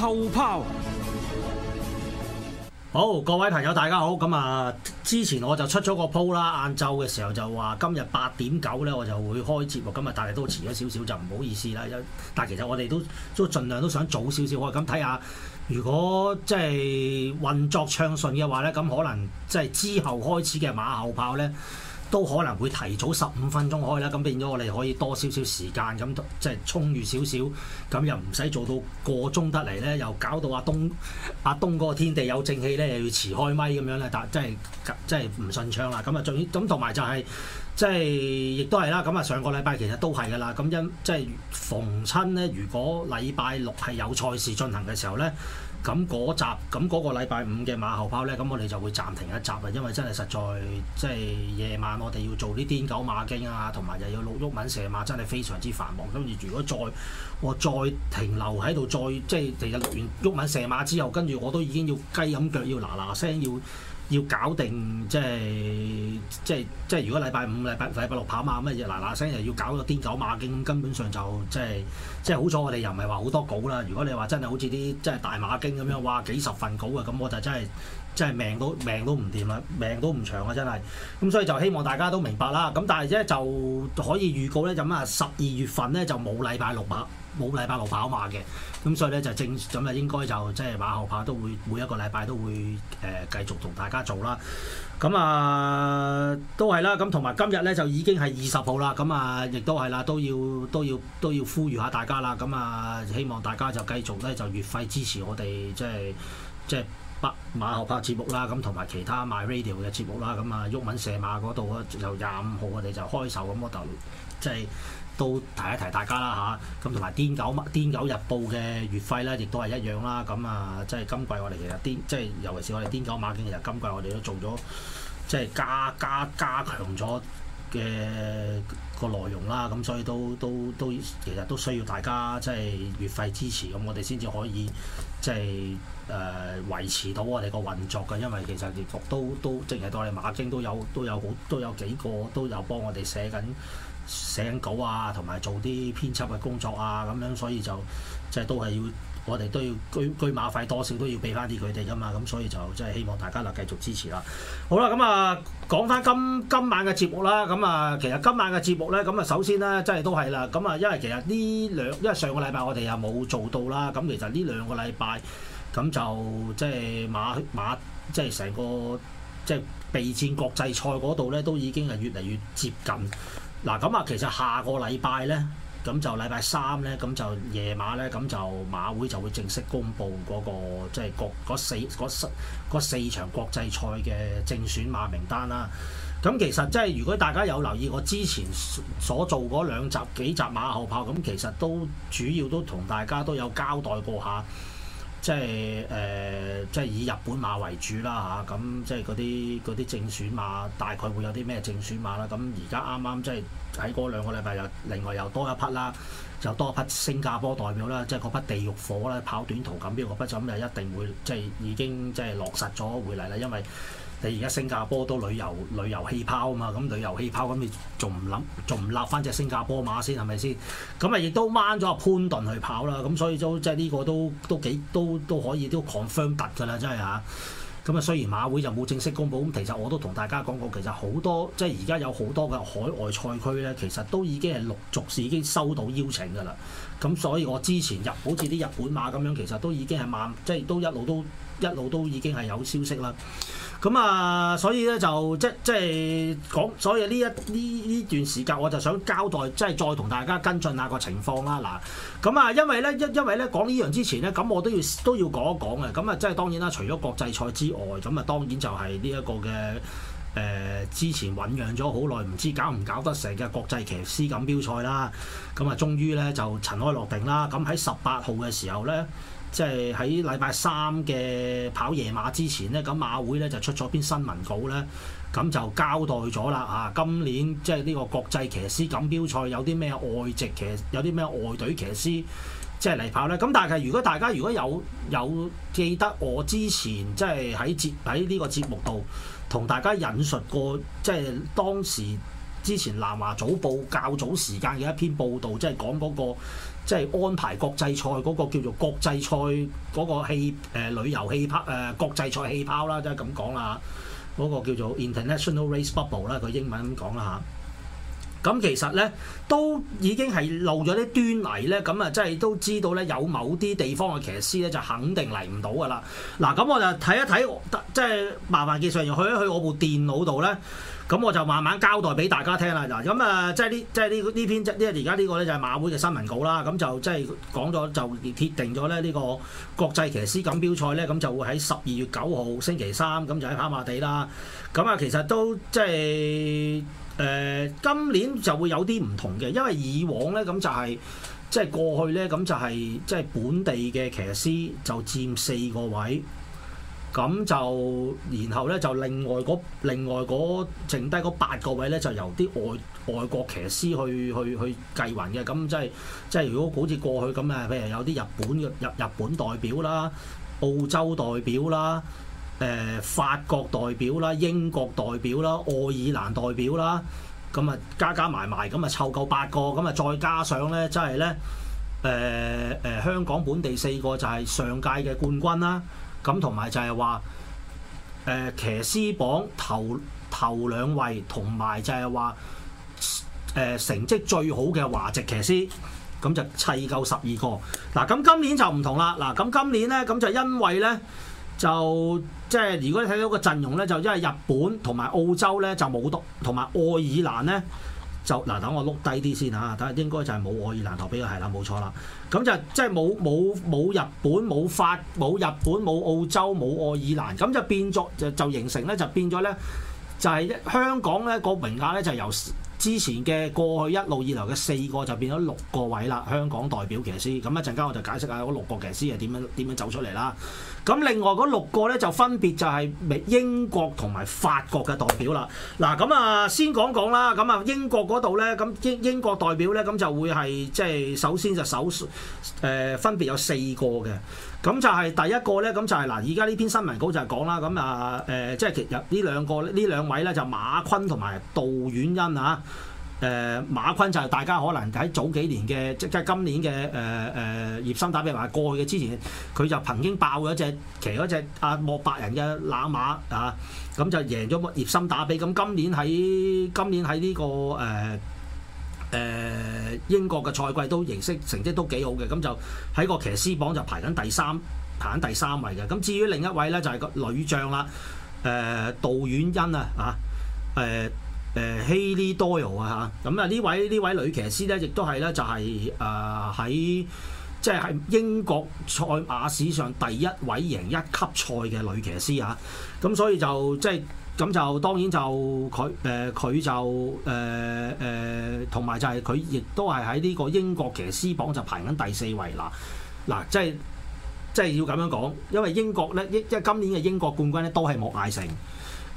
後炮，好，各位朋友大家好。咁啊，之前我就出咗個鋪啦，晏晝嘅時候就話今日八點九呢，我就會開節目。今日但係都遲咗少少，就唔好意思啦。但其實我哋都都盡量都想早少少開，咁睇下如果即係運作暢順嘅話呢，咁可能即係之後開始嘅馬後炮呢。都可能會提早十五分鐘開啦，咁變咗我哋可以多少少時間咁，即係充裕少少，咁又唔使做到個鐘得嚟呢，又搞到阿東阿東嗰個天地有正氣呢，又要遲開咪咁樣呢。但真係真係唔順暢啦。咁啊、就是，仲咁同埋就係即係亦都係啦。咁啊，上個禮拜其實都係噶啦。咁因即係逢親呢，如果禮拜六係有賽事進行嘅時候呢。咁嗰集，咁嗰個禮拜五嘅馬後炮呢，咁我哋就會暫停一集啊，因為真係實在，即係夜晚我哋要做啲癲狗馬經啊，同埋又要錄毓民射馬，真係非常之繁忙。咁而如果再我再停留喺度，再即係第日錄完毓民射馬之後，跟住我都已經要雞咁腳，要嗱嗱聲要。要搞掂，即係即係即係。如果禮拜五、禮拜禮拜六跑馬咁嘢，嗱嗱聲又要搞個癲狗馬經，根本上就即係即係好彩。我哋又唔係話好多稿啦。如果你話真係好似啲即係大馬經咁樣，哇幾十份稿啊，咁我就真係真係命都命都唔掂啦，命都唔長啊！真係咁，所以就希望大家都明白啦。咁但係咧就可以預告咧，就乜十二月份咧就冇禮拜六跑。冇禮拜六跑馬嘅，咁所以咧就正咁啊，應該就即係馬後炮都會每一個禮拜都會誒、呃、繼續同大家做啦。咁啊都係啦，咁同埋今日咧就已經係二十號啦，咁啊亦都係啦，都要都要都要呼籲下大家啦。咁啊希望大家就繼續咧就月費支持我哋即係即係北馬後炮節目啦，咁同埋其他 MyRadio 嘅節目啦。咁啊毓民射馬嗰度啊，由廿五號我哋就開售咁啊就即係，都提一提大家啦吓，咁同埋《癲狗、癲狗日報》嘅月費咧，亦都係一樣啦。咁啊，即係今季我哋其實癲即係尤其是我哋《癲狗馬經》其實今季我哋都做咗，即係加加加強咗嘅個內容啦。咁、啊、所以都都都，其實都需要大家即係月費支持，咁我哋先至可以即係誒、呃、維持到我哋個運作嘅。因為其實連局都都淨係到我哋馬經都有都有好都有幾個都有幫我哋寫緊。寫稿啊，同埋做啲編輯嘅工作啊，咁樣所以就即係、就是、都係要我哋都要居居馬費多少都要俾翻啲佢哋㗎嘛，咁所以就即係、就是、希望大家啦繼續支持啦。好啦，咁啊講翻今今晚嘅節目啦，咁啊其實今晚嘅節目咧，咁啊首先咧真係都係啦，咁啊因為其實呢兩因為上個禮拜我哋又冇做到啦，咁其實呢兩個禮拜咁就即係、就是、馬馬即係成個即係、就是、備戰國際賽嗰度咧，都已經係越嚟越接近。嗱咁啊，其實下個禮拜咧，咁就禮拜三咧，咁就夜晚咧，咁就馬會就會正式公布嗰個即係各嗰四嗰四嗰四場國際賽嘅正選馬名單啦。咁其實即係如果大家有留意我之前所做嗰兩集幾集馬後炮，咁其實都主要都同大家都有交代過下。即係誒、呃，即係以日本馬為主啦嚇，咁、啊、即係嗰啲嗰啲正選馬，大概會有啲咩正選馬啦？咁而家啱啱即係喺嗰兩個禮拜又另外又多一匹啦，又多一匹新加坡代表啦，即係嗰匹地獄火啦，跑短途咁樣嗰匹，咁就一定會即係已經即係落實咗回嚟啦，因為，你而家新加坡都旅遊旅遊氣泡啊嘛，咁旅遊氣泡咁，你仲唔諗仲唔立翻隻新加坡馬先係咪先？咁啊，亦都掹咗阿潘頓去跑啦。咁所以都即係呢個都都幾都都可以都 confirm 得㗎啦，真係嚇。咁啊，雖然馬會就冇正式公佈，咁其實我都同大家講過，其實好多即係而家有好多嘅海外賽區咧，其實都已經係陸續是已經收到邀請㗎啦。咁所以我之前入好似啲日本馬咁樣，其實都已經係慢，即係都一路都一路都已經係有消息啦。咁啊、嗯，所以咧就即即係講，所以呢一呢呢段時間，我就想交代，即係再同大家跟進下個情況啦。嗱，咁啊，因為咧，因因為咧講呢樣之前咧，咁我都要都要講一講嘅。咁、嗯、啊，即係當然啦，除咗國際賽之外，咁啊當然就係呢一個嘅誒、呃、之前醖釀咗好耐，唔知搞唔搞得成嘅國際騎師錦標賽啦。咁、嗯、啊，終於咧就塵埃落定啦。咁喺十八號嘅時候咧。即係喺禮拜三嘅跑夜馬之前呢，咁馬會呢就出咗篇新聞稿呢，咁就交代咗啦啊！今年即係呢個國際騎師錦標賽有啲咩外籍騎，有啲咩外隊騎師即係嚟跑咧。咁但係如果大家如果有有記得我之前即係喺節喺呢個節目度同大家引述過，即係當時。之前南華早報較早時間嘅一篇報導，即係講嗰個即係安排國際賽嗰個叫做國際賽嗰個氣、呃、旅遊氣泡誒、呃、國際賽氣泡啦，即係咁講啦嚇，嗰個叫做 International Race Bubble 啦，佢英文咁講啦嚇。咁其實呢，都已經係漏咗啲端倪呢。咁啊即係都知道呢，有某啲地方嘅騎師呢，就肯定嚟唔到噶啦。嗱，咁我就睇一睇，即係麻煩記者又去一去我部電腦度呢。咁我就慢慢交代俾大家聽啦。嗱，咁啊，即係呢，即係呢呢篇即係而家呢個咧就係馬會嘅新聞稿啦。咁就即係講咗就鐵定咗咧呢個國際騎師錦標賽咧，咁就會喺十二月九號星期三，咁就喺跑馬地啦。咁啊，其實都即係誒、呃、今年就會有啲唔同嘅，因為以往咧咁就係、是、即係過去咧咁就係、是、即係本地嘅騎師就佔四個位。咁就然後咧，就另外嗰另外嗰剩低嗰八個位咧，就由啲外外國騎師去去去計勻嘅。咁即係即係如果好似過去咁啊，譬如有啲日本嘅日日本代表啦、澳洲代表啦、誒、呃、法國代表啦、英國代表啦、愛爾蘭代表啦，咁啊加加埋埋咁啊湊夠八個，咁啊再加上咧，即係咧誒誒香港本地四個就係上屆嘅冠軍啦。咁同埋就係話，誒、呃、騎師榜頭頭兩位，同埋就係話誒成績最好嘅華籍騎師，咁就砌夠十二個。嗱、啊，咁今年就唔同啦。嗱、啊，咁今年咧，咁就因為咧，就即係、就是、如果你睇到個陣容咧，就因為日本同埋澳洲咧就冇到，同埋愛爾蘭咧。就嗱，等 我碌低啲先嚇，睇下應該就係冇愛爾蘭投俾佢係啦，冇錯啦。咁就即係冇冇冇日本、冇法、冇日本、冇澳洲、冇愛爾蘭，咁就，就變咗，就就形成咧，就變咗咧，就係、係、香港咧個名額咧就由，之前嘅過去一路以來嘅四個就變咗六個位啦，香港代表騎師，咁一陣間我就解釋下嗰六個騎師係點樣點樣走出嚟啦。咁另外嗰六個呢，就分別就係英英國同埋法國嘅代表啦。嗱，咁啊先講講啦。咁啊英國嗰度呢，咁英英國代表呢，咁就會係即係首先就首誒、呃、分別有四個嘅。咁就係第一個咧，咁就係、是、嗱，而家呢篇新聞稿就係講啦，咁啊誒、呃，即係其實呢兩個呢兩位咧，就馬坤同埋杜遠恩啊，誒馬坤就係大家可能喺早幾年嘅即係今年嘅誒誒葉森打比，或者過去嘅之前，佢就曾經爆咗隻騎嗰隻阿莫伯人嘅冷馬啊，咁、嗯、就贏咗葉森打比，咁、啊、今年喺今年喺呢、這個誒。呃誒英國嘅賽季都形勢成績都幾好嘅，咁就喺個騎師榜就排緊第三排緊第三位嘅。咁至於另一位咧就係、是、個女將啦，誒杜婉欣啊，呃呃、啊誒誒希利多爾啊嚇。咁啊呢位呢位女騎師咧，亦都係咧就係誒喺即係喺英國賽馬史上第一位贏一級賽嘅女騎師啊。咁所以就即係。就是咁就當然就佢誒佢就誒誒，同、呃、埋、呃、就係佢亦都係喺呢個英國騎師榜就排緊第四位嗱嗱、啊，即係即係要咁樣講，因為英國咧，因因為今年嘅英國冠軍咧都係莫艾城。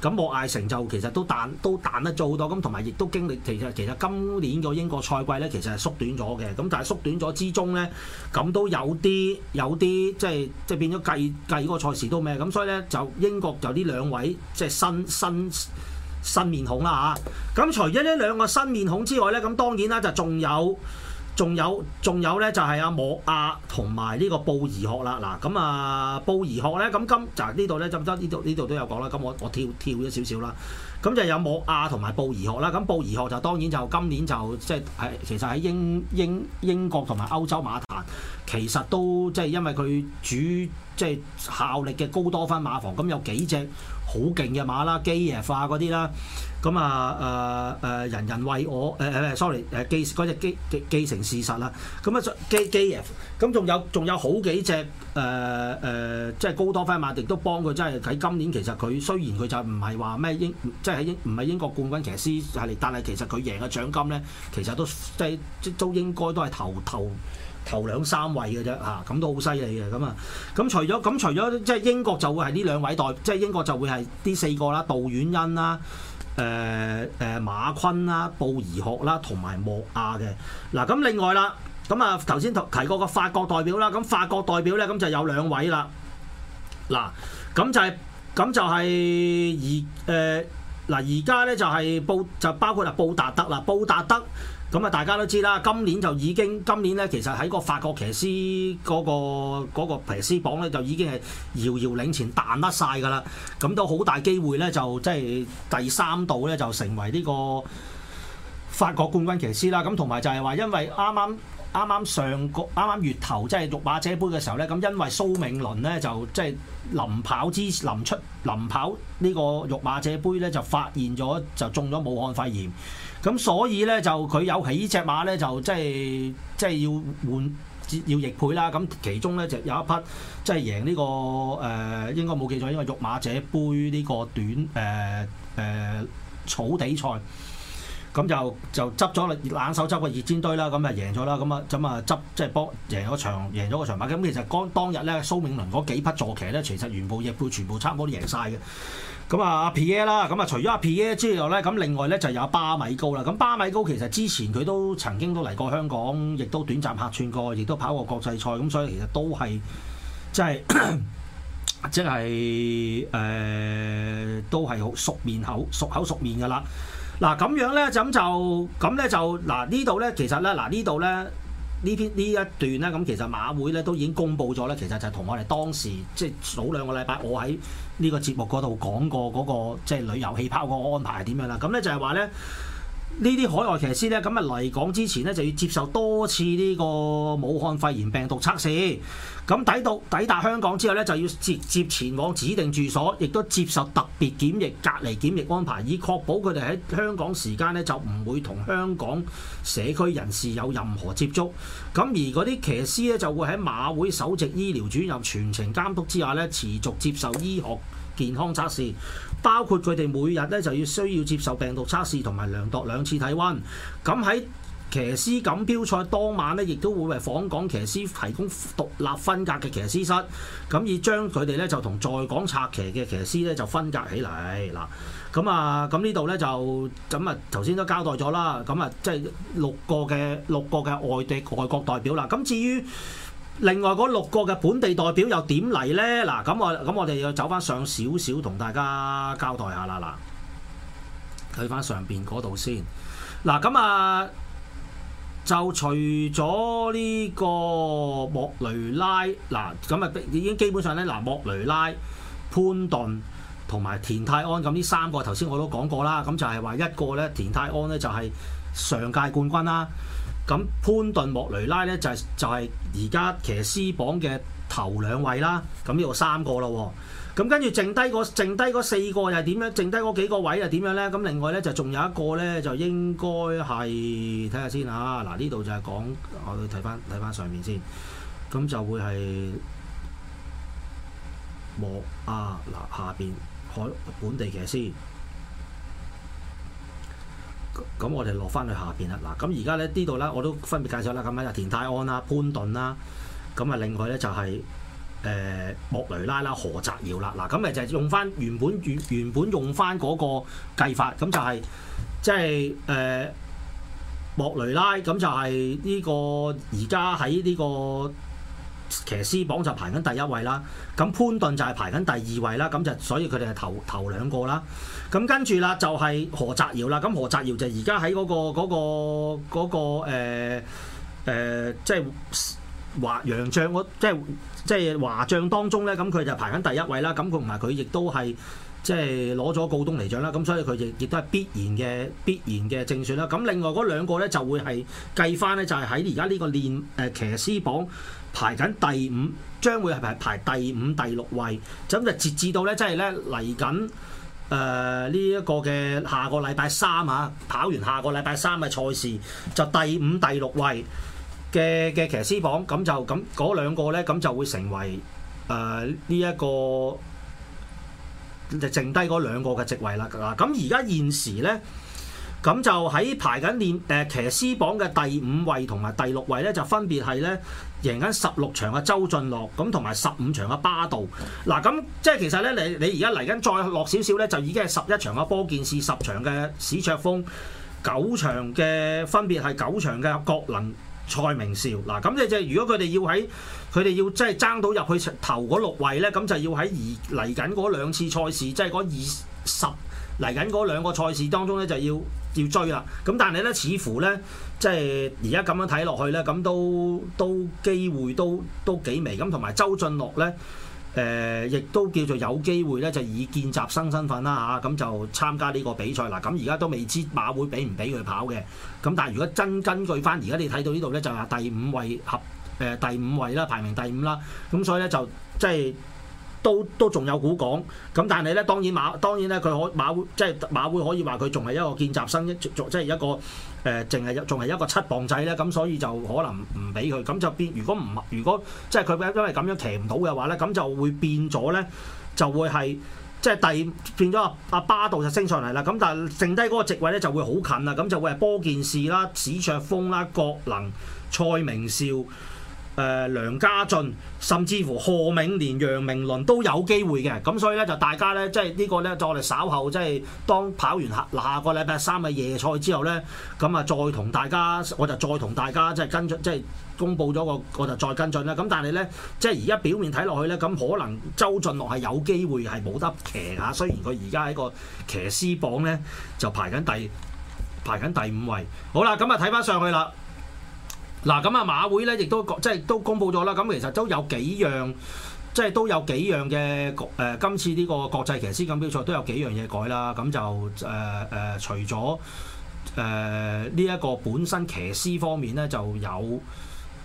咁莫艾成就其實都彈都彈得咗好多，咁同埋亦都經歷其實其實今年個英國賽季咧，其實係縮短咗嘅，咁但係縮短咗之中咧，咁都有啲有啲即係即係變咗計計個賽事都咩，咁所以咧就英國就呢兩位即係新新新面孔啦嚇，咁、啊、除咗呢兩個新面孔之外咧，咁當然啦就仲有。仲有仲有咧就係阿莫亞同埋呢個布宜學啦，嗱咁啊布宜學咧咁今，嗱呢度咧就唔得，呢度呢度都有講啦，咁我我跳跳咗少少啦，咁就有莫亞同埋布宜學啦，咁布宜學就當然就今年就即係喺其實喺英英英國同埋歐洲馬壇，其實都即係因為佢主即係、就是、效力嘅高多分馬房，咁有幾隻。好勁嘅馬啦，基爺化嗰啲啦，咁啊誒誒，人人為我誒誒、呃、，sorry 誒，繼只基既既成事實啦，咁啊基基爺，咁仲有仲有好幾隻誒誒，即、呃、係、呃即係、高多芬馬，亦都幫佢，即係喺今年其實佢雖然佢就唔係話咩英，即係喺英唔係英國冠軍騎師係嚟，但係其實佢贏嘅獎金咧，其實都即係即都應該都係頭頭，頭頭兩三位嘅啫嚇，咁都好犀利嘅，咁啊，咁除咗咁除咗即係英國就會係呢兩位代表，即係英國就會係呢四個啦，杜遠恩啦，誒、呃、誒馬坤啦，布宜學啦，同埋莫亞嘅。嗱、啊、咁另外啦，咁啊頭先提過個法國代表啦，咁法國代表咧咁就有兩位啦。嗱、啊，咁就係、是、咁就係、是、而誒嗱而家咧就係、是、布就包括啦布達德啦，布達德，咁啊，大家都知啦，今年就已經，今年咧其實喺個法國騎師嗰個嗰個騎師榜咧，就已經係遙遙領前彈甩晒噶啦，咁都好大機會咧，就即係第三度咧就成為呢個法國冠軍騎師啦。咁同埋就係話，因為啱啱。啱啱上個啱啱月頭即係育馬者盃嘅時候咧，咁因為蘇銘倫咧就即係臨跑之臨出臨跑呢個育馬者盃咧就發現咗就中咗武漢肺炎，咁所以咧就佢有起隻馬咧就即係即係要換要易配啦，咁其中咧就有一匹即係贏呢、呢個誒、呃、應該冇記錯應該育馬者盃呢個短誒誒、呃呃、草地賽。咁就就執咗冷手執個熱煎堆啦，咁啊贏咗啦，咁啊咁啊執即係幫贏咗場贏咗個場馬。咁其實當當日咧蘇銘倫嗰幾匹坐騎咧，其實全部亦都全部差唔多都贏晒嘅。咁啊阿皮耶啦，咁啊除咗阿皮耶之外咧，咁另外咧就有巴米高啦。咁巴米高其實之前佢都曾經都嚟過香港，亦都短暫客串過，亦都跑過國際賽，咁所以其實都係即係即係誒都係好熟面口熟口熟面噶啦。嗱咁樣咧，樣就咁就咁咧就嗱呢度咧，其實咧嗱呢度咧呢篇呢一段咧，咁其實馬會咧都已經公布咗咧，其實就係同我哋當時即係早兩個禮拜我喺呢個節目嗰度講過嗰個即係旅遊氣泡個安排係點樣啦。咁咧就係話咧。呢啲海外騎師呢，咁啊嚟港之前呢，就要接受多次呢個武漢肺炎病毒測試，咁抵到抵達香港之後呢，就要直接前往指定住所，亦都接受特別檢疫隔離檢疫安排，以確保佢哋喺香港時間呢，就唔會同香港社區人士有任何接觸。咁而嗰啲騎師呢，就會喺馬會首席醫療主任全程監督之下呢，持續接受醫學健康測試。包括佢哋每日咧就要需要接受病毒測試同埋量度兩次體温，咁喺騎師錦標賽當晚咧，亦都會為訪港騎師提供獨立分隔嘅騎師室，咁而將佢哋咧就同在港策騎嘅騎師咧就分隔起嚟嗱，咁啊咁呢度咧就咁啊頭先都交代咗啦，咁啊即係六個嘅六個嘅外地外國代表啦，咁至於。另外嗰六個嘅本地代表又點嚟呢？嗱，咁我咁我哋要走翻上少少，同大家交代下啦，嗱，睇翻上邊嗰度先。嗱，咁啊，就除咗呢個莫雷拉，嗱，咁啊，已經基本上呢，嗱，莫雷拉、潘頓同埋田泰安咁呢三個，頭先我都講過啦，咁就係話一個呢，田泰安呢，就係上屆冠軍啦。咁潘頓莫雷拉咧就係、係，就係而家騎師榜嘅頭兩位啦，咁呢度三個咯，咁跟住剩低個剩低嗰四個又係點樣？剩低嗰幾個位又點樣咧？咁另外咧就仲有一個咧，就應該係睇下先嚇。嗱、啊，呢度就係講我哋睇翻睇翻上面先，咁就會係莫啊嗱下邊海本地騎師。咁我哋落翻去下邊啦，嗱，咁而家咧呢度咧我都分別介紹啦，咁就田泰安啦、潘頓啦，咁啊另外咧就係、是、誒、呃、莫雷拉啦、何澤耀啦，嗱，咁誒就係用翻原本原原本用翻嗰個計法，咁就係即係誒莫雷拉，咁就係呢個而家喺呢個。騎師榜就排緊第一位啦，咁潘頓就係排緊第二位啦，咁就所以佢哋係頭頭兩個啦。咁跟住啦，就係何澤堯啦、嗰個。咁何澤堯就而家喺嗰個嗰、嗰個嗰個、呃呃、即係華洋將嗰即係即係華將當中咧，咁佢就排緊第一位啦。咁佢唔係佢亦都係即係攞咗告東尼獎啦，咁所以佢亦亦都係必然嘅必然嘅正選啦。咁另外嗰兩個咧就會係計翻咧，就係喺而家呢個練誒騎師榜。排緊第五，將會係排排第五、第六位。咁就截至到咧，即係咧嚟緊誒呢一個嘅下個禮拜三啊，跑完下個禮拜三嘅賽事，就第五、第六位嘅嘅騎師榜。咁就咁嗰兩個咧，咁就會成為誒呢一個剩低嗰兩個嘅席位啦。咁而家現時咧。咁就喺排緊練誒、呃、騎師榜嘅第五位同埋第六位咧，就分別係咧贏緊十六場嘅周俊樂，咁同埋十五場嘅巴度。嗱，咁即係其實咧，你你而家嚟緊再落少少咧，就已經係十一場嘅波劍士，十場嘅史卓峰，九場嘅分別係九場嘅郭能、蔡明少。嗱，咁即係如果佢哋要喺佢哋要即係爭到入去頭嗰六位咧，咁就要喺而嚟緊嗰兩次賽事，即係嗰二十。嚟緊嗰兩個賽事當中咧，就要要追啦。咁但係咧，似乎咧，即係而家咁樣睇落去咧，咁都都機會都都幾微。咁同埋周俊樂咧，誒、呃、亦都叫做有機會咧，就以見習生身份啦吓，咁、啊嗯、就參加呢個比賽喇。咁而家都未知馬會俾唔俾佢跑嘅。咁、嗯、但係如果真根據翻而家你睇到呢度咧，就係、是、第五位合誒、呃、第五位啦，排名第五啦。咁、嗯、所以咧就即係。就是都都仲有股港，咁但係咧當然馬當然咧佢可馬即係馬會可以話佢仲係一個見習生，一即係一個誒，淨係仲係一個七磅仔咧，咁所以就可能唔俾佢，咁就變如果唔如果即係佢因為咁樣騎唔到嘅話咧，咁就會變咗咧，就會係即係第變咗阿巴道就升上嚟啦，咁但係剩低嗰個席位咧就會好近啦，咁就會係波健士啦、史卓峰啦、郭能、蔡明少。誒、呃、梁家俊，甚至乎賀銘年、楊明綸都有機會嘅，咁所以咧就大家咧，即係呢個咧，就我哋稍後即係當跑完下下個禮拜三嘅夜賽之後咧，咁啊再同大家，我就再同大家即係跟進，即係公佈咗個，我就再跟進啦。咁但係咧，即係而家表面睇落去咧，咁可能周俊樂係有機會係冇得騎下，雖然佢而家喺個騎師榜咧就排緊第排緊第五位。好啦，咁啊睇翻上去啦。嗱咁啊，馬會咧亦都即係都公佈咗啦。咁其實都有幾樣，即係都有幾樣嘅國、呃、今次呢個國際騎師錦標賽都有幾樣嘢改啦。咁就誒誒、呃，除咗誒呢一個本身騎師方面咧，就有誒、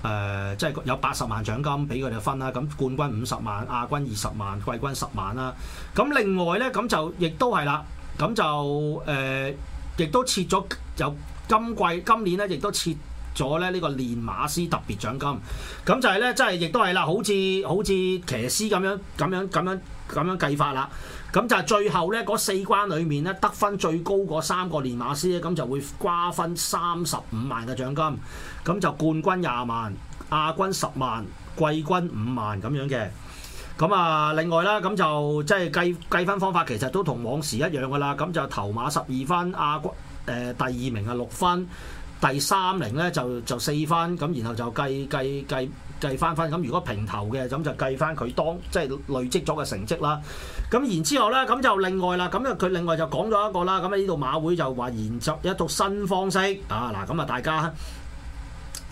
呃、即係有八十萬獎金俾佢哋分啦。咁冠軍五十萬，亞軍二十萬，季軍十萬啦。咁另外咧，咁就亦都係啦。咁就誒，亦、呃、都設咗有今季今年咧，亦都設。咗咧呢個練馬師特別獎金，咁就係、是、咧，即係亦都係啦，好似好似騎師咁樣咁樣咁樣咁樣計法啦。咁就係最後咧嗰四關裡面咧得分最高嗰三個練馬師咧，咁就會瓜分三十五萬嘅獎金。咁就冠軍廿萬，亞軍十萬，季軍五萬咁樣嘅。咁啊，另外啦，咁就即係、就是、計計分方法其實都同往時一樣噶啦。咁就頭馬十二分，亞軍誒、呃、第二名係六分。第三名咧就就四分，咁，然後就計計計計翻翻咁。如果平頭嘅咁，就計翻佢當即係累積咗嘅成績啦。咁然之後咧咁，就另外啦。咁啊佢另外就講咗一個啦。咁啊呢度馬會就話研習一套新方式啊嗱。咁啊大家。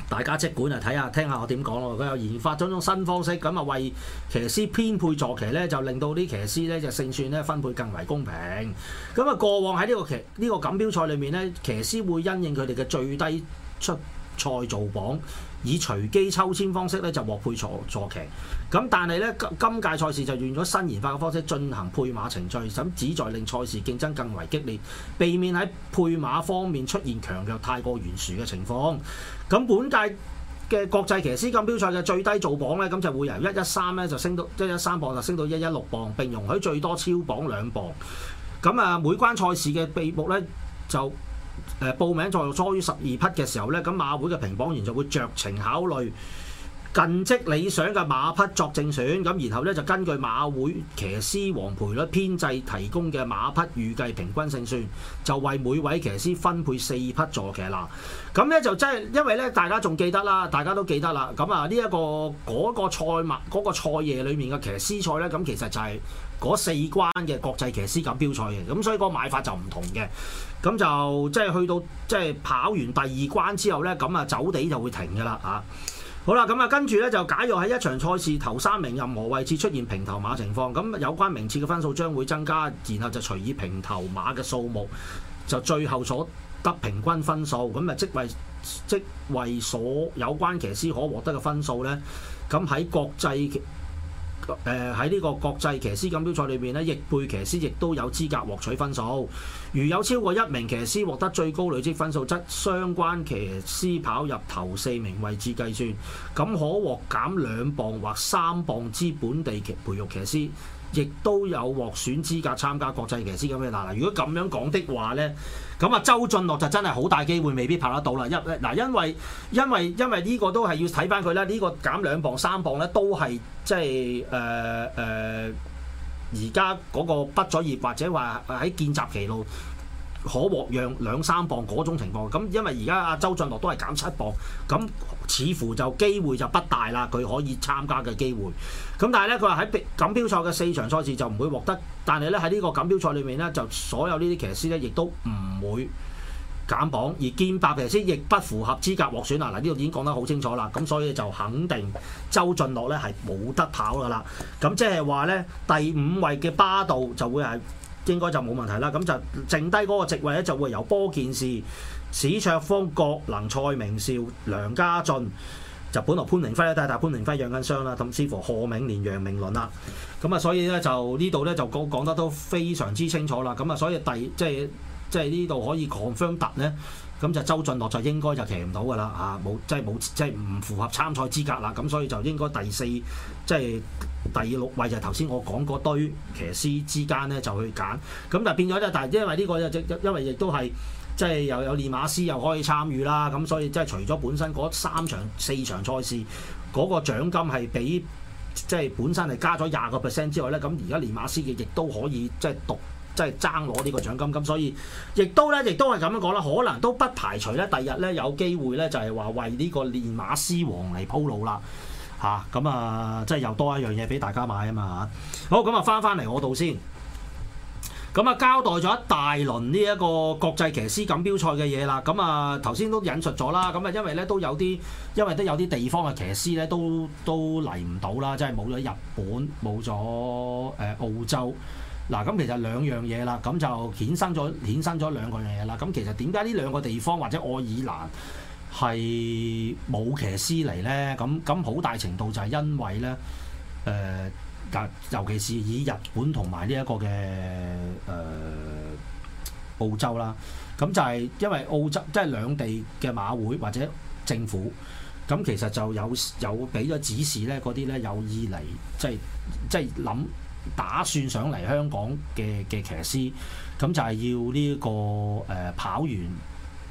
大家即管啊，睇下聽下我點講咯。佢有研發咗種，種新方式，咁啊為騎師編配坐騎呢，就令到啲騎師呢就勝算呢分配更為公平。咁啊過往喺呢個騎呢、呢個錦標賽裏面呢，騎師會因應佢哋嘅最低出賽造榜，以隨機抽籤方式呢就獲配坐坐騎。咁但係呢，今今屆賽事就用咗新研發嘅方式進行配馬程序，咁旨在令賽事競爭更為激烈，避免喺配馬方面出現強弱太過懸殊嘅情況。咁本屆嘅國際騎師錦標賽嘅最低做磅呢，咁就會由一一三呢就升到一一三磅，就升到一一六磅，並容許最多超磅兩磅。咁啊，每關賽事嘅秘目呢，就誒報名在多於十二匹嘅時候呢，咁馬會嘅評磅員就會酌情考慮。近職理想嘅馬匹作正選，咁然後咧就根據馬會騎師王賠率編製提供嘅馬匹預計平均勝算，就為每位騎師分配四匹坐騎啦。咁咧就即係因為咧，大家仲記得啦，大家都記得啦。咁啊、這個，那個那個、呢一個嗰個賽馬嗰個賽夜裏面嘅騎師賽咧，咁其實就係嗰四關嘅國際騎師錦標賽嘅，咁所以個買法就唔同嘅。咁就即係去到即係跑完第二關之後咧，咁啊走地就會停嘅啦，嚇、啊。好啦，咁啊，跟住咧就假若喺一場賽事頭三名任何位置出現平頭馬情況，咁有關名次嘅分數將會增加，然後就隨意平頭馬嘅數目，就最後所得平均分數，咁啊，即為即為所有關騎師可獲得嘅分數呢？咁喺國際。誒喺呢個國際騎師錦標賽裏面咧，逆配騎師亦都有資格獲取分數。如有超過一名騎師獲得最高累積分數，則相關騎師跑入頭四名位置計算，咁可獲減兩磅或三磅之本地騎培育騎師。亦都有獲選資格參加國際騎師嘅。嗱嗱，如果咁樣講的話咧，咁啊周俊樂就真係好大機會未必拍得到啦！一嗱，因為因為因為呢個都係要睇翻佢啦，呢個減兩磅三磅咧都係即係誒誒，而家嗰個畢咗業或者話喺見習期度可獲讓兩三磅嗰種情況，咁因為而家阿周俊樂都係減七磅咁。似乎就機會就不大啦，佢可以參加嘅機會。咁但係咧，佢話喺錦標賽嘅四場賽事就唔會獲得，但係咧喺呢個錦標賽裏面咧，就所有士呢啲騎師咧亦都唔會減磅，而兼八騎師亦不符合資格獲選啦。嗱，呢度已經講得好清楚啦。咁所以就肯定周俊樂咧係冇得跑噶啦。咁即係話咧，第五位嘅巴度就會係。應該就冇問題啦，咁就剩低嗰個席位咧就會由波健士、史卓芳、郭能、蔡明少、梁家俊就本來潘明輝咧，但係大潘明輝養緊傷啦，咁師傅何明年賀銘年楊明倫啦，咁啊所以咧就呢度咧就講講得都非常之清楚啦，咁啊所以第即係即係呢度可以 confirm 咧。咁就周俊樂就應該就騎唔到噶啦嚇，冇、啊、即係冇即係唔符合參賽資格啦，咁所以就應該第四即係第六位就係頭先我講嗰堆騎師之間咧就去揀，咁就變咗即但係因為呢個因為亦都係即係又有練馬師又可以參與啦，咁所以即係除咗本身嗰三場四場賽事嗰、嗰個獎金係畀即係本身係加咗廿個 percent 之外咧，咁而家練馬師嘅亦都可以即係讀。即係爭攞呢個獎金金，所以亦都咧，亦都係咁樣講啦。可能都不排除咧，第日咧有機會咧，就係話為呢個練馬師王嚟鋪路啦。嚇咁啊，即係又多一樣嘢俾大家買啊嘛。好，咁啊，翻翻嚟我度先。咁啊，交代咗一大輪呢一個國際騎師錦標賽嘅嘢啦。咁啊，頭先都引述咗啦。咁啊，因為咧都有啲，因為都有啲地方嘅騎師咧都都嚟唔到啦，即係冇咗日本，冇咗誒澳洲。嗱，咁其實兩樣嘢啦，咁就衍生咗衍生咗兩個樣嘢啦。咁其實點解呢兩個地方或者愛爾蘭係冇騎師嚟呢？咁咁好大程度就係因為呢，誒、呃、尤其是以日本同埋呢一個嘅誒、呃、澳洲啦，咁就係因為澳洲即係、即係、兩地嘅馬會或者政府，咁其實就有有俾咗指示呢，嗰啲咧有意嚟即係即係諗。就是就是打算上嚟香港嘅嘅騎師，咁就係要呢、這、一個、呃、跑完，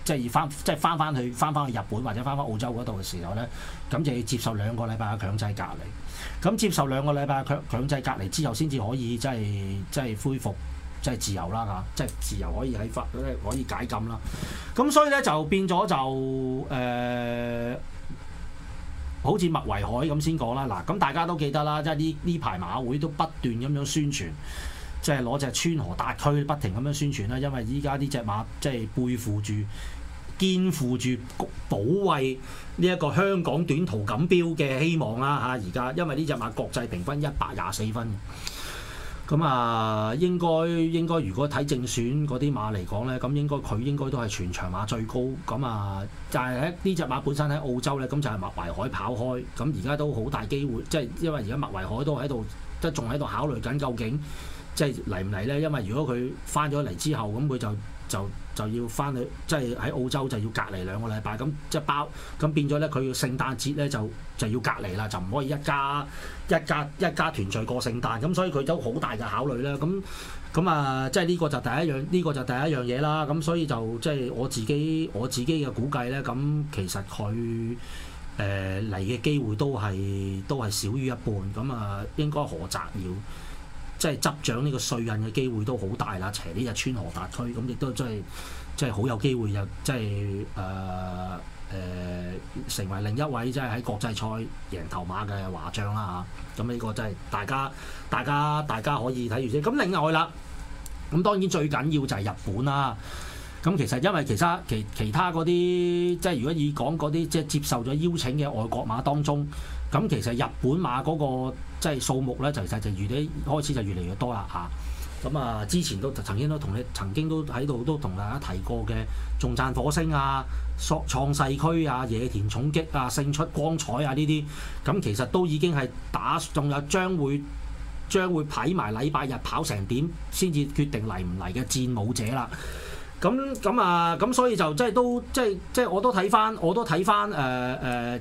即係翻即係翻去翻去翻翻去日本或者翻翻澳洲嗰度嘅時候咧，咁就要接受兩個禮拜嘅強制隔離。咁接受兩個禮拜強強制隔離之後，先至可以即係即係恢復即係自由啦嚇，即係自由可以喺法度可以解禁啦。咁所以咧就變咗就誒。呃好似麥維海咁先講啦，嗱咁大家都記得啦，即係呢呢排馬會都不斷咁樣宣傳，即係攞隻川河達區不停咁樣宣傳啦，因為依家呢隻馬即係背負住、肩負住保衞呢一個香港短途錦標嘅希望啦嚇，而家因為呢隻馬國際評分一百廿四分。咁啊，應該應該，應該，如果睇正選嗰啲馬嚟講呢，咁應該佢應該都係全場馬最高。咁啊，就係喺呢隻馬本身喺澳洲呢，咁就係麥維海跑開。咁而家都好大機會，即係因為而家麥維海都喺度，即仲喺度考慮緊究竟即係嚟唔嚟呢？因為如果佢翻咗嚟之後，咁佢就就。就就要翻去，即係喺澳洲就要隔離兩個禮拜，咁即係包，咁變咗咧佢要聖誕節咧就就要隔離啦，就唔可以一家一家一家團聚過聖誕，咁所以佢都好大嘅考慮咧。咁咁啊，即係呢個就第一樣，呢、呢個就第一樣嘢啦。咁所以就即係、就係、我自己我自己嘅估計咧，咁其實佢誒嚟嘅機會都係都係少於一半，咁啊應該何澤要，即係執掌呢個帥印嘅機會都好大啦，斜呢隻川河達駒，咁亦都真係真係好有機會又即係誒誒成為另一位即係喺國際賽贏頭馬嘅華將啦嚇，咁、啊、呢、這個真係大家大家大家可以睇住先，咁另外啦，咁當然最緊要就係日本啦，咁其實因為其實其其，其他嗰啲即係如果以講嗰啲即係接受咗邀請嘅外國馬當中。咁其實日本馬嗰個即係數目咧，就其實就越嚟開始就越嚟越多啦吓，咁啊、啊，之前都曾經都同你曾經都喺度都同大家提過嘅，仲讚火星啊、創創世區啊、野田重擊啊、勝出光彩啊呢啲，咁、啊、其實都已經係打，仲有將會將會睇埋禮拜日跑成點，先至決定嚟唔嚟嘅戰舞者啦。咁咁啊，咁、嗯嗯嗯、所以就即係都即係即係我都睇翻，我都睇翻誒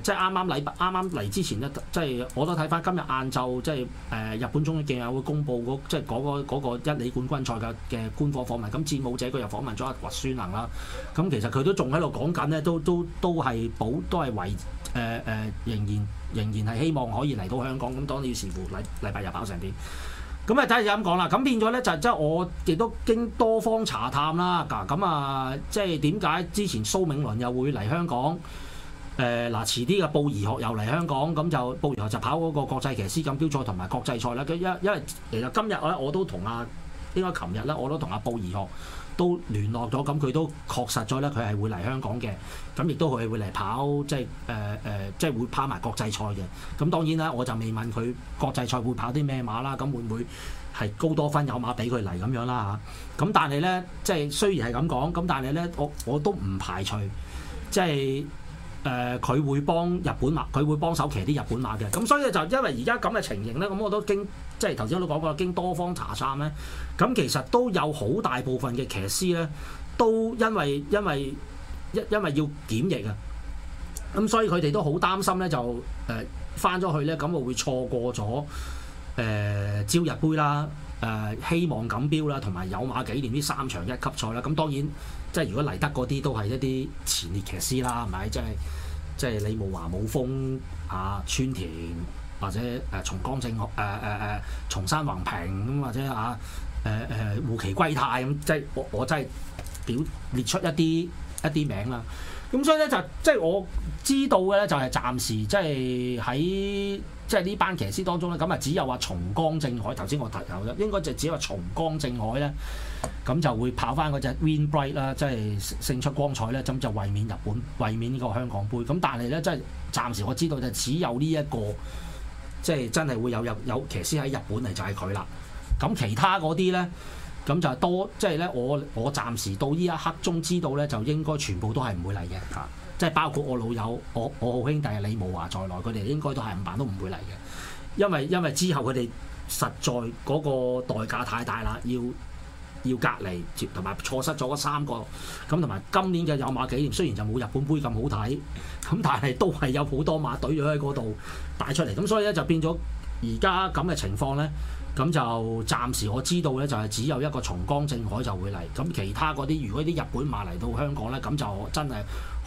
誒，即係啱啱禮拜啱啱嚟之前咧，即係我都睇翻今日晏晝即係誒、呃、日本中央競馬會公佈嗰即係嗰、那個那個那個一哩冠軍賽嘅嘅官方訪問。咁戰舞者佢又訪問咗阿滑雪能啦。咁、呃、其實佢都仲喺度講緊咧，都都都係保都係維誒誒，仍然仍然係希望可以嚟到香港。咁當然要視乎禮禮拜日跑成點。咁啊，睇下就咁講啦。咁變咗咧，就即係我亦都經多方查探啦。嗱，咁啊，即係點解之前蘇銘倫又會嚟香港？誒、呃、嗱，遲啲嘅布宜學又嚟香港，咁就布宜學就跑嗰個國際騎師錦標賽同埋國際賽咧。佢因因為其實今日咧，我都同啊，應該琴日啦，我都同阿布宜學，都聯絡咗，咁佢都確實咗咧，佢係會嚟香港嘅，咁亦都佢係會嚟跑，即係誒誒，即係會跑埋國際賽嘅。咁當然啦，我就未問佢國際賽會跑啲咩馬啦，咁會唔會係高多分有馬俾佢嚟咁樣啦嚇？咁但係咧，即係雖然係咁講，咁但係咧，我我都唔排除即係。就是誒佢、呃、會幫日本馬，佢會幫手騎啲日本馬嘅，咁所以就因為而家咁嘅情形呢，咁我都經即係頭先我都講過，經多方查探呢，咁其實都有好大部分嘅騎師呢，都因為因為因因為要檢疫啊，咁所以佢哋都好擔心呢，就誒翻咗去呢，咁會會錯過咗誒、呃、朝日杯啦。誒希望錦標啦，同埋有馬紀念呢三場一級賽啦。咁當然，即係如果嚟得嗰啲都係一啲前列騎師啦，係咪？即係即係李慕華武峰、武豐啊、川田或者誒松、呃、江正學誒誒誒、松、呃呃、山宏平咁或者啊誒誒、呃、胡其圭泰咁，即係我我真係表列出一啲一啲名啦。咁所以咧就即、是、係、就係、我知道嘅咧就係暫時即係喺，就是即係呢班騎師當中咧，咁啊只有話松江正海，頭先我提有啦，應該就只有話松江正海咧，咁就會跑翻嗰隻 Win Bright 啦，即係勝出光彩咧，咁就衛冕日本，衛冕呢個香港杯。咁但係咧，即係暫時我知道就只有呢、這、一個，即、就、係、是、真係會有日有,有騎師喺日本嚟就係佢啦。咁其他嗰啲咧，咁就多即係咧，我我暫時到呢一刻中知道咧，就應該全部都係唔會嚟嘅。嗯即係包括我老友，我我好兄弟李慕華在內，佢哋應該都係五萬都唔會嚟嘅，因為因為之後佢哋實在嗰個代價太大啦，要要隔離，同埋錯失咗嗰三個咁，同埋今年嘅有馬紀念雖然就冇日本杯咁好睇，咁但係都係有好多馬隊咗喺嗰度帶出嚟，咁所以咧就變咗而家咁嘅情況咧，咁就暫時我知道咧就係只有一個松江正海就會嚟，咁其他嗰啲如果啲日本馬嚟到香港咧，咁就真係。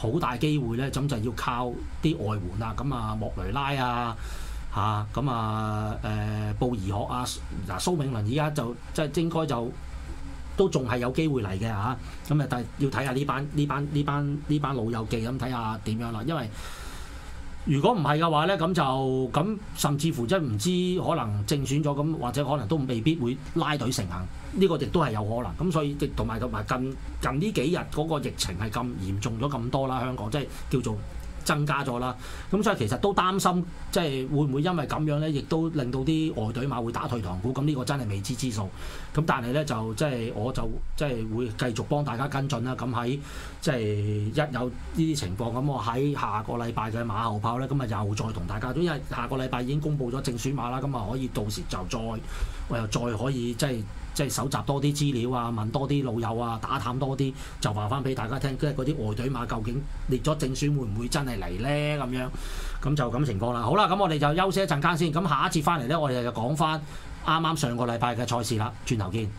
好大機會咧，咁就要靠啲外援啊，咁啊，莫雷拉啊，嚇，咁啊，誒、啊呃，布宜學啊，嗱，蘇永倫而家就即係應該就都仲係有機會嚟嘅嚇。咁啊，但係要睇下呢班呢班呢班呢班老友記咁睇下點樣啦，因為。如果唔係嘅話呢，咁就咁甚至乎真係唔知可能正選咗咁，或者可能都未必會拉隊成行，呢個亦都係有可能。咁所以，同埋同埋近近呢幾日嗰個疫情係咁嚴重咗咁多啦，香港即係叫做。增加咗啦，咁所以其實都擔心，即係會唔會因為咁樣呢，亦都令到啲外隊馬會打退堂鼓？咁呢個真係未知之數。咁但係呢，就即係、即係、我就即係、即係、會繼續幫大家跟進啦。咁喺即係一有呢啲情況，咁我喺下個禮拜嘅馬後炮呢，咁啊又再同大家，都因為下個禮拜已經公布咗正選馬啦，咁啊可以到時就再我又再可以即係。即係即係搜集多啲資料啊，問多啲老友啊，打探多啲，就話翻俾大家聽，即係嗰啲外隊馬究竟列咗正選會唔會真係嚟呢？咁樣咁就咁情況啦。好啦，咁我哋就休息一陣間先。咁下一次翻嚟呢，我哋就講翻啱啱上個禮拜嘅賽事啦。轉頭見。